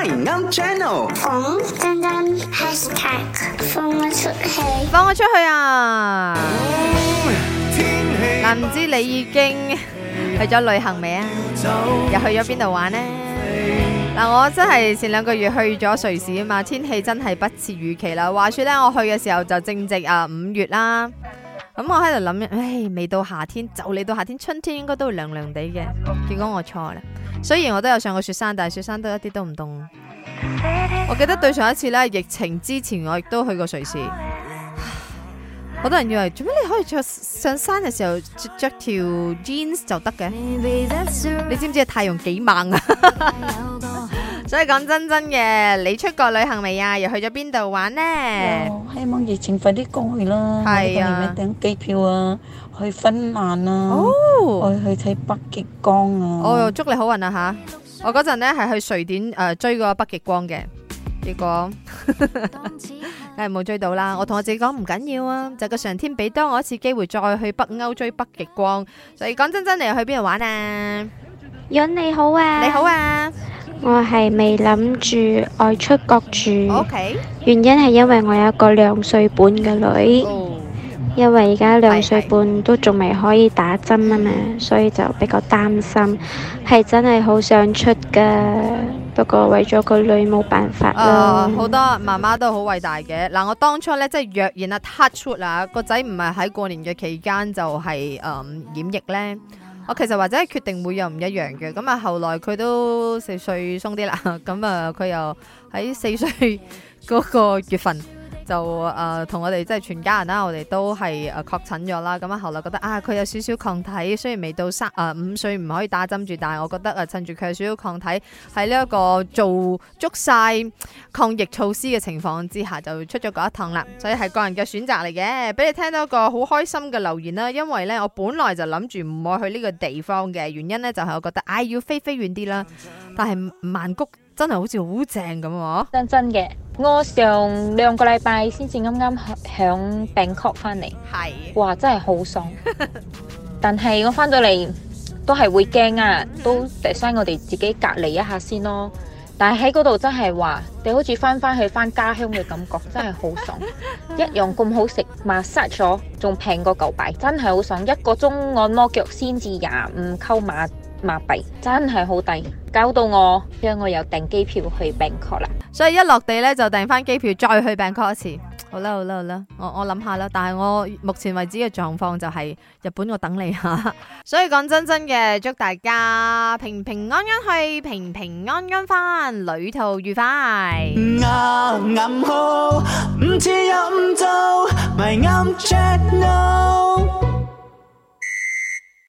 m channel，放我出去，放我出去啊！嗱，唔知你已經去咗旅行未啊？又去咗邊度玩呢？嗱，我真係前兩個月去咗瑞士啊嘛，天氣真係不似預期啦。話說咧，我去嘅時候就正值啊五月啦。咁、嗯、我喺度諗，唉、哎，未到夏天就嚟到夏天，春天應該都會涼涼地嘅。結果我錯啦。雖然我都有上過雪山，但係雪山都一啲都唔凍。It is. 我記得對上一次咧，疫情之前我亦都去過瑞士。好多人以為做咩你可以着上山嘅時候着條 jeans 就得嘅？S 你知唔知道太陽幾猛啊？ 所以講真真嘅，你出國旅行未啊？又去咗邊度玩呢？希望疫情快啲過去啦，我今年要訂機票啊，去芬蘭啦，我要去睇北極光啊！哦，祝你好運啊吓！我嗰陣呢係去瑞典誒追個北極光嘅，結果梗係冇追到啦。我同我自己講，唔緊要啊，就個上天俾多我一次機會再去北歐追北極光。所以講真真，你又去邊度玩啊？潤你好啊，你好啊！我係未諗住外出國住，Okay. 原因係因為我有一個兩歲半嘅女，Oh. 因為而家兩歲半都仲未可以打針啊嘛，所以就比較擔心。係真係好想出噶，不過為咗個女冇辦法，uh, 好多媽媽都好偉大嘅。嗱，我當初呢，即係若然啊，touch wood 啦個仔唔係喺過年嘅期間就係、是、誒、嗯、染疫呢。其實或者係決定會又唔一樣嘅，咁啊後來佢都四歲鬆啲啦，咁啊佢又喺四歲嗰個月份。就誒同、呃、我哋即係全家人啦，我哋都係誒、呃、確診咗啦。咁啊，後來覺得啊，佢有少少抗體，雖然未到三誒、呃、五歲唔可以打針住，但係我覺得誒、啊、趁住佢有少少抗體，喺呢一個做足晒抗疫措施嘅情況之下，就出咗嗰一趟啦。所以係個人嘅選擇嚟嘅。俾你聽到一個好開心嘅留言啦，因為咧我本來就諗住唔愛去呢個地方嘅，原因咧就係、是、我覺得唉、哎、要飛飛遠啲啦。但係曼谷真係好似好正咁啊！真真嘅。我上兩個禮拜先至啱啱響 Bangkok 翻嚟，係是，哇真係好爽！ 但係我返到嚟都係會驚啊，都提醒我哋自己隔離一下先咯。但係喺嗰度真係話，你好似翻返去翻家鄉嘅感覺， 真係好爽，一樣咁好食，麻塞咗，仲平過九百，真係好爽！一個鐘按摩腳先至廿五扣馬。馬幣真係好抵，搞到我讓我又訂機票去冰島啦，所以一落地咧就訂翻機票再去冰島一次。好啦好啦好啦，我我諗下啦，但係我目前為止嘅狀況就係日本我等你下。所以講真真嘅，祝大家平平安安去，平平安安翻，旅途愉快。嗯嗯嗯好